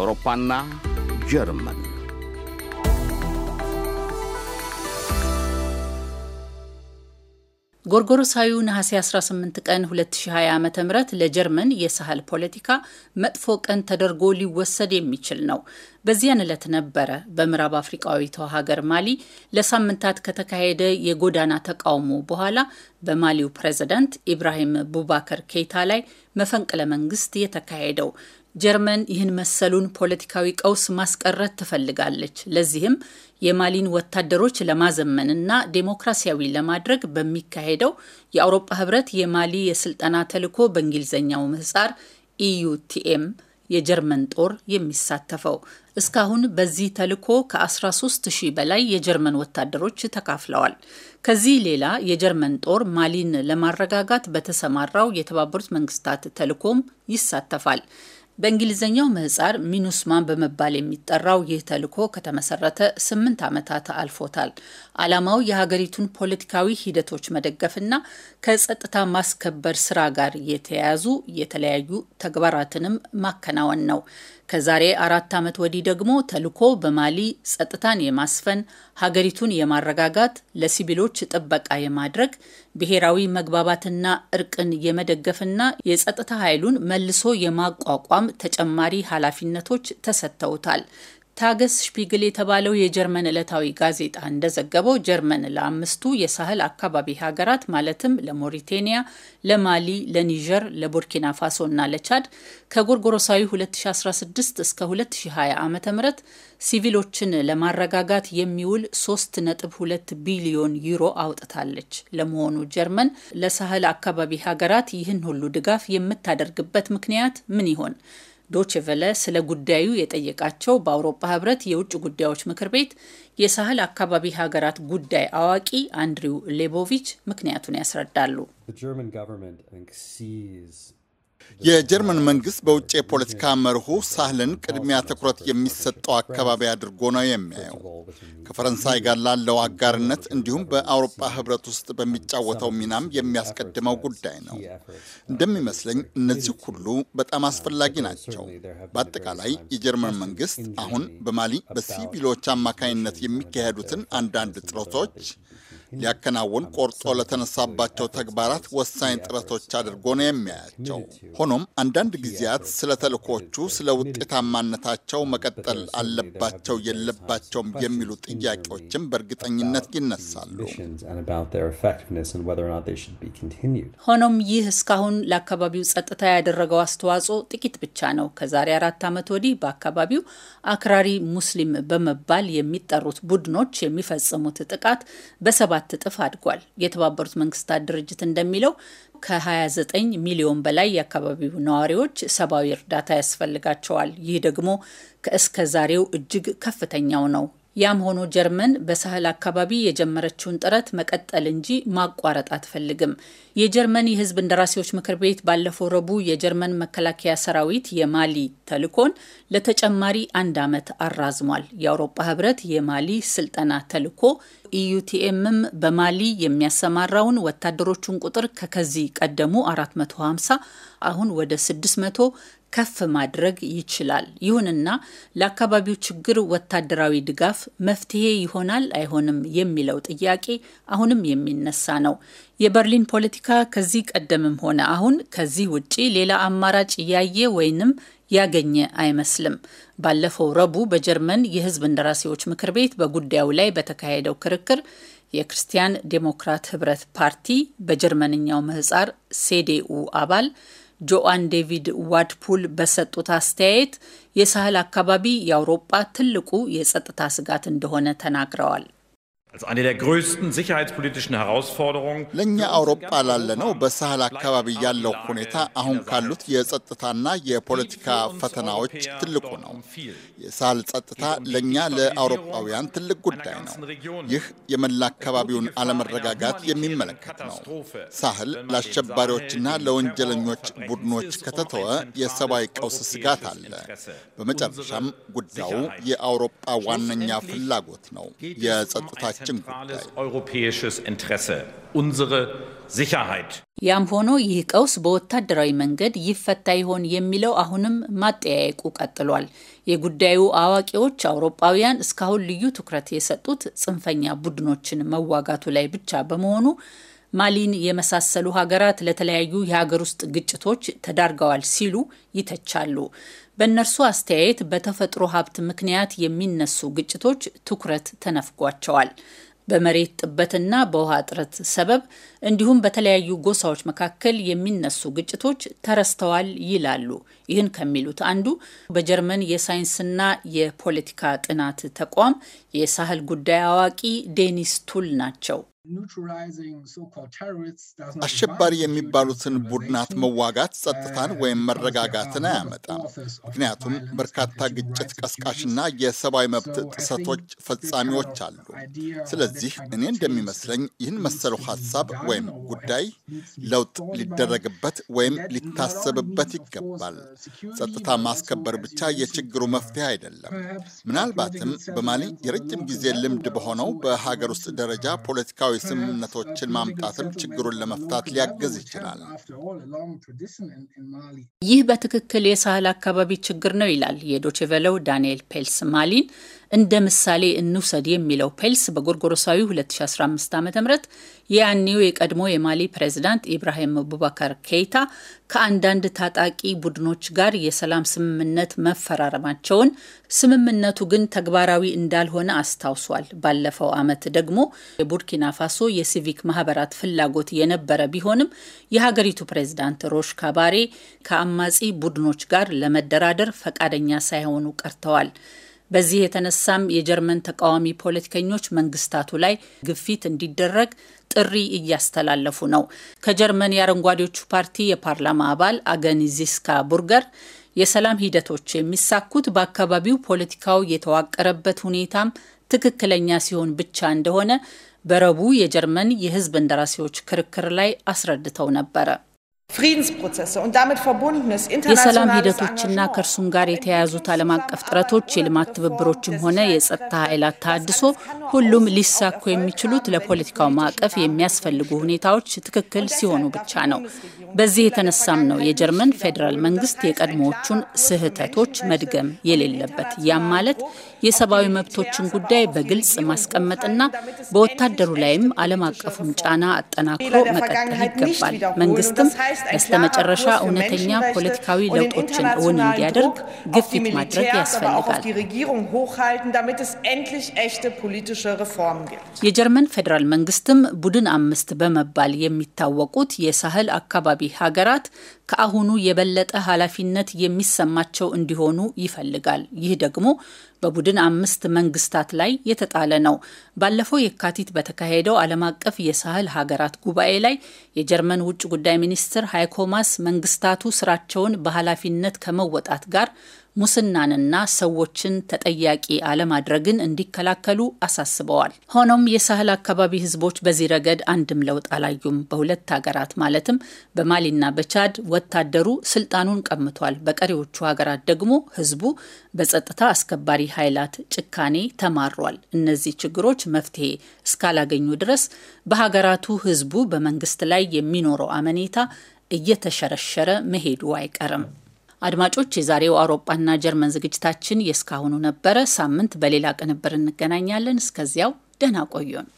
አውሮፓና ጀርመን ጎርጎሮሳዊ ነሐሴ 18 ቀን 2020 ዓ ም ለጀርመን የሳህል ፖለቲካ መጥፎ ቀን ተደርጎ ሊወሰድ የሚችል ነው። በዚያን ዕለት ነበረ በምዕራብ አፍሪቃዊቷ ሀገር ማሊ ለሳምንታት ከተካሄደ የጎዳና ተቃውሞ በኋላ በማሊው ፕሬዝዳንት ኢብራሂም ቡባከር ኬይታ ላይ መፈንቅለ መንግስት የተካሄደው። ጀርመን ይህን መሰሉን ፖለቲካዊ ቀውስ ማስቀረት ትፈልጋለች። ለዚህም የማሊን ወታደሮች ለማዘመንና ዴሞክራሲያዊ ለማድረግ በሚካሄደው የአውሮፓ ህብረት የማሊ የስልጠና ተልዕኮ በእንግሊዝኛው ምህጻር ኢዩቲኤም የጀርመን ጦር የሚሳተፈው እስካሁን በዚህ ተልዕኮ ከ13 ሺህ በላይ የጀርመን ወታደሮች ተካፍለዋል። ከዚህ ሌላ የጀርመን ጦር ማሊን ለማረጋጋት በተሰማራው የተባበሩት መንግስታት ተልዕኮም ይሳተፋል። በእንግሊዝኛው ምህጻር ሚኑስማን በመባል የሚጠራው ይህ ተልኮ ከተመሰረተ ስምንት ዓመታት አልፎታል። ዓላማው የሀገሪቱን ፖለቲካዊ ሂደቶች መደገፍና ከጸጥታ ማስከበር ስራ ጋር የተያያዙ የተለያዩ ተግባራትንም ማከናወን ነው። ከዛሬ አራት ዓመት ወዲህ ደግሞ ተልኮ በማሊ ጸጥታን የማስፈን ሀገሪቱን የማረጋጋት ለሲቪሎች ጥበቃ የማድረግ ብሔራዊ መግባባትና እርቅን የመደገፍና የጸጥታ ኃይሉን መልሶ የማቋቋም ተጨማሪ ኃላፊነቶች ተሰጥተውታል። ታገስ ሽፒግል የተባለው የጀርመን ዕለታዊ ጋዜጣ እንደዘገበው ጀርመን ለአምስቱ የሳህል አካባቢ ሀገራት ማለትም ለሞሪቴኒያ፣ ለማሊ፣ ለኒጀር፣ ለቡርኪና ፋሶ እና ለቻድ ከጎርጎሮሳዊ 2016 እስከ 2020 ዓ ም ሲቪሎችን ለማረጋጋት የሚውል 3.2 ቢሊዮን ዩሮ አውጥታለች። ለመሆኑ ጀርመን ለሳህል አካባቢ ሀገራት ይህን ሁሉ ድጋፍ የምታደርግበት ምክንያት ምን ይሆን? ዶችቨለ ስለ ጉዳዩ የጠየቃቸው በአውሮፓ ህብረት የውጭ ጉዳዮች ምክር ቤት የሳህል አካባቢ ሀገራት ጉዳይ አዋቂ አንድሪው ሌቦቪች ምክንያቱን ያስረዳሉ። የጀርመን መንግስት በውጭ የፖለቲካ መርሁ ሳህልን ቅድሚያ ትኩረት የሚሰጠው አካባቢ አድርጎ ነው የሚያየው። ከፈረንሳይ ጋር ላለው አጋርነት እንዲሁም በአውሮፓ ህብረት ውስጥ በሚጫወተው ሚናም የሚያስቀድመው ጉዳይ ነው። እንደሚመስለኝ እነዚህ ሁሉ በጣም አስፈላጊ ናቸው። በአጠቃላይ የጀርመን መንግስት አሁን በማሊ በሲቪሎች አማካኝነት የሚካሄዱትን አንዳንድ ጥረቶች ሊያከናውን ቆርጦ ለተነሳባቸው ተግባራት ወሳኝ ጥረቶች አድርጎ ነው የሚያያቸው። ሆኖም አንዳንድ ጊዜያት ስለ ተልእኮቹ፣ ስለ ውጤታማነታቸው መቀጠል አለባቸው የለባቸውም የሚሉ ጥያቄዎችም በእርግጠኝነት ይነሳሉ። ሆኖም ይህ እስካሁን ለአካባቢው ጸጥታ ያደረገው አስተዋጽኦ ጥቂት ብቻ ነው። ከዛሬ አራት ዓመት ወዲህ በአካባቢው አክራሪ ሙስሊም በመባል የሚጠሩት ቡድኖች የሚፈጽሙት ጥቃት በሰባ ሰባት እጥፍ አድጓል። የተባበሩት መንግስታት ድርጅት እንደሚለው ከ29 ሚሊዮን በላይ የአካባቢው ነዋሪዎች ሰብአዊ እርዳታ ያስፈልጋቸዋል። ይህ ደግሞ ከእስከ ዛሬው እጅግ ከፍተኛው ነው። ያም ሆኖ ጀርመን በሳህል አካባቢ የጀመረችውን ጥረት መቀጠል እንጂ ማቋረጥ አትፈልግም። የጀርመን የህዝብ እንደራሴዎች ምክር ቤት ባለፈው ረቡዕ የጀርመን መከላከያ ሰራዊት የማሊ ተልኮን ለተጨማሪ አንድ ዓመት አራዝሟል። የአውሮፓ ህብረት የማሊ ስልጠና ተልኮ ኢዩቲኤምም በማሊ የሚያሰማራውን ወታደሮቹን ቁጥር ከከዚህ ቀደሙ 450 አሁን ወደ 600 ከፍ ማድረግ ይችላል። ይሁንና ለአካባቢው ችግር ወታደራዊ ድጋፍ መፍትሄ ይሆናል አይሆንም የሚለው ጥያቄ አሁንም የሚነሳ ነው። የበርሊን ፖለቲካ ከዚህ ቀደምም ሆነ አሁን ከዚህ ውጪ ሌላ አማራጭ እያየ ወይንም ያገኘ አይመስልም። ባለፈው ረቡዕ በጀርመን የሕዝብ እንደራሴዎች ምክር ቤት በጉዳዩ ላይ በተካሄደው ክርክር የክርስቲያን ዴሞክራት ህብረት ፓርቲ በጀርመንኛው ምህጻር ሴዴኡ አባል ጆአን ዴቪድ ዋድፑል በሰጡት አስተያየት የሳህል አካባቢ የአውሮጳ ትልቁ የጸጥታ ስጋት እንደሆነ ተናግረዋል። ለእኛ አውሮፓ ላለነው በሳህል አካባቢ ያለው ሁኔታ አሁን ካሉት የጸጥታና የፖለቲካ ፈተናዎች ትልቁ ነው። um የሳህል ጸጥታ um ለእኛ ለአውሮፓውያን ትልቅ ጉዳይ ነው። ይህ የመላ አካባቢውን አለመረጋጋት የሚመለከት ነው። ሳህል ለአሸባሪዎችና ለወንጀለኞች ቡድኖች ከተተወ የሰብአዊ ቀውስ ስጋት አለ። በመጨረሻም ጉዳዩ የአውሮፓ ዋነኛ ፍላጎት ነው። የጸጥታ um በዚያችን ጉዳይ ያም ሆኖ ይህ ቀውስ በወታደራዊ መንገድ ይፈታ ይሆን የሚለው አሁንም ማጠያየቁ ቀጥሏል። የጉዳዩ አዋቂዎች አውሮፓውያን እስካሁን ልዩ ትኩረት የሰጡት ጽንፈኛ ቡድኖችን መዋጋቱ ላይ ብቻ በመሆኑ ማሊን የመሳሰሉ ሀገራት ለተለያዩ የሀገር ውስጥ ግጭቶች ተዳርገዋል ሲሉ ይተቻሉ። በእነርሱ አስተያየት በተፈጥሮ ሀብት ምክንያት የሚነሱ ግጭቶች ትኩረት ተነፍጓቸዋል። በመሬት ጥበትና በውሃ እጥረት ሰበብ እንዲሁም በተለያዩ ጎሳዎች መካከል የሚነሱ ግጭቶች ተረስተዋል ይላሉ። ይህን ከሚሉት አንዱ በጀርመን የሳይንስና የፖለቲካ ጥናት ተቋም የሳህል ጉዳይ አዋቂ ዴኒስ ቱል ናቸው። አሸባሪ የሚባሉትን ቡድናት መዋጋት ጸጥታን ወይም መረጋጋትን አያመጣም። ምክንያቱም በርካታ ግጭት ቀስቃሽና የሰብአዊ መብት ጥሰቶች ፈጻሚዎች አሉ። ስለዚህ እኔ እንደሚመስለኝ ይህን መሰሉ ሀሳብ ወይም ጉዳይ ለውጥ ሊደረግበት ወይም ሊታሰብበት ይገባል። uh, ጸጥታ ማስከበር ብቻ የችግሩ uh, መፍትሄ አይደለም። ምናልባትም በማሊ የረጅም ጊዜ ልምድ በሆነው በሀገር ውስጥ ደረጃ ፖለቲካ ዘላቂያዊ ስምምነቶችን ማምጣትም ችግሩን ለመፍታት ሊያግዝ ይችላል። ይህ በትክክል የሳህል አካባቢ ችግር ነው ይላል የዶችቬለው ዳንኤል ፔልስ ማሊን እንደ ምሳሌ እንውሰድ የሚለው ፔልስ በጎርጎሮሳዊ 2015 ዓ ም የያኔው የቀድሞ የማሊ ፕሬዚዳንት ኢብራሂም ቡባካር ኬይታ ከአንዳንድ ታጣቂ ቡድኖች ጋር የሰላም ስምምነት መፈራረማቸውን፣ ስምምነቱ ግን ተግባራዊ እንዳልሆነ አስታውሷል። ባለፈው ዓመት ደግሞ የቡርኪና ፋሶ የሲቪክ ማህበራት ፍላጎት የነበረ ቢሆንም የሀገሪቱ ፕሬዚዳንት ሮሽ ካባሬ ከአማጺ ቡድኖች ጋር ለመደራደር ፈቃደኛ ሳይሆኑ ቀርተዋል። በዚህ የተነሳም የጀርመን ተቃዋሚ ፖለቲከኞች መንግስታቱ ላይ ግፊት እንዲደረግ ጥሪ እያስተላለፉ ነው። ከጀርመን የአረንጓዴዎቹ ፓርቲ የፓርላማ አባል አገኒዚስካ ቡርገር የሰላም ሂደቶች የሚሳኩት በአካባቢው ፖለቲካው የተዋቀረበት ሁኔታም ትክክለኛ ሲሆን ብቻ እንደሆነ በረቡ የጀርመን የህዝብ እንደራሴዎች ክርክር ላይ አስረድተው ነበረ። የሰላም ሂደቶችና ከእርሱም ጋር የተያያዙት ዓለም አቀፍ ጥረቶች የልማት ትብብሮችም ሆነ የጸጥታ ኃይላት ተሃድሶ ሁሉም ሊሳኩ የሚችሉት ለፖለቲካው ማዕቀፍ የሚያስፈልጉ ሁኔታዎች ትክክል ሲሆኑ ብቻ ነው። በዚህ የተነሳም ነው የጀርመን ፌዴራል መንግስት የቀድሞዎቹን ስህተቶች መድገም የሌለበት ያም ማለት የሰብአዊ መብቶችን ጉዳይ በግልጽ ማስቀመጥና በወታደሩ ላይም ዓለም አቀፉን ጫና አጠናክሮ መቀጠል ይገባል። መንግስትም በስተመጨረሻ እውነተኛ ፖለቲካዊ ለውጦችን እውን እንዲያደርግ ግፊት ማድረግ ያስፈልጋል። የጀርመን ፌዴራል መንግስትም ቡድን አምስት በመባል የሚታወቁት የሳህል አካባቢ ሀገራት ከአሁኑ የበለጠ ኃላፊነት የሚሰማቸው እንዲሆኑ ይፈልጋል። ይህ ደግሞ በቡድን አምስት መንግስታት ላይ የተጣለ ነው። ባለፈው የካቲት በተካሄደው ዓለም አቀፍ የሳህል ሀገራት ጉባኤ ላይ የጀርመን ውጭ ጉዳይ ሚኒስትር ሃይኮማስ መንግስታቱ ስራቸውን በኃላፊነት ከመወጣት ጋር ሙስናንና ሰዎችን ተጠያቂ አለማድረግን እንዲከላከሉ አሳስበዋል። ሆኖም የሳህል አካባቢ ህዝቦች በዚህ ረገድ አንድም ለውጥ አላዩም። በሁለት ሀገራት ማለትም በማሊና በቻድ ወታደሩ ስልጣኑን ቀምቷል። በቀሪዎቹ ሀገራት ደግሞ ህዝቡ በጸጥታ አስከባሪ ኃይላት ጭካኔ ተማሯል። እነዚህ ችግሮች መፍትሄ እስካላገኙ ድረስ በሀገራቱ ህዝቡ በመንግስት ላይ የሚኖረው አመኔታ እየተሸረሸረ መሄዱ አይቀርም። አድማጮች፣ የዛሬው አውሮፓና ጀርመን ዝግጅታችን የእስካሁኑ ነበረ። ሳምንት በሌላ ቅንብር እንገናኛለን። እስከዚያው ደህና ቆዩን።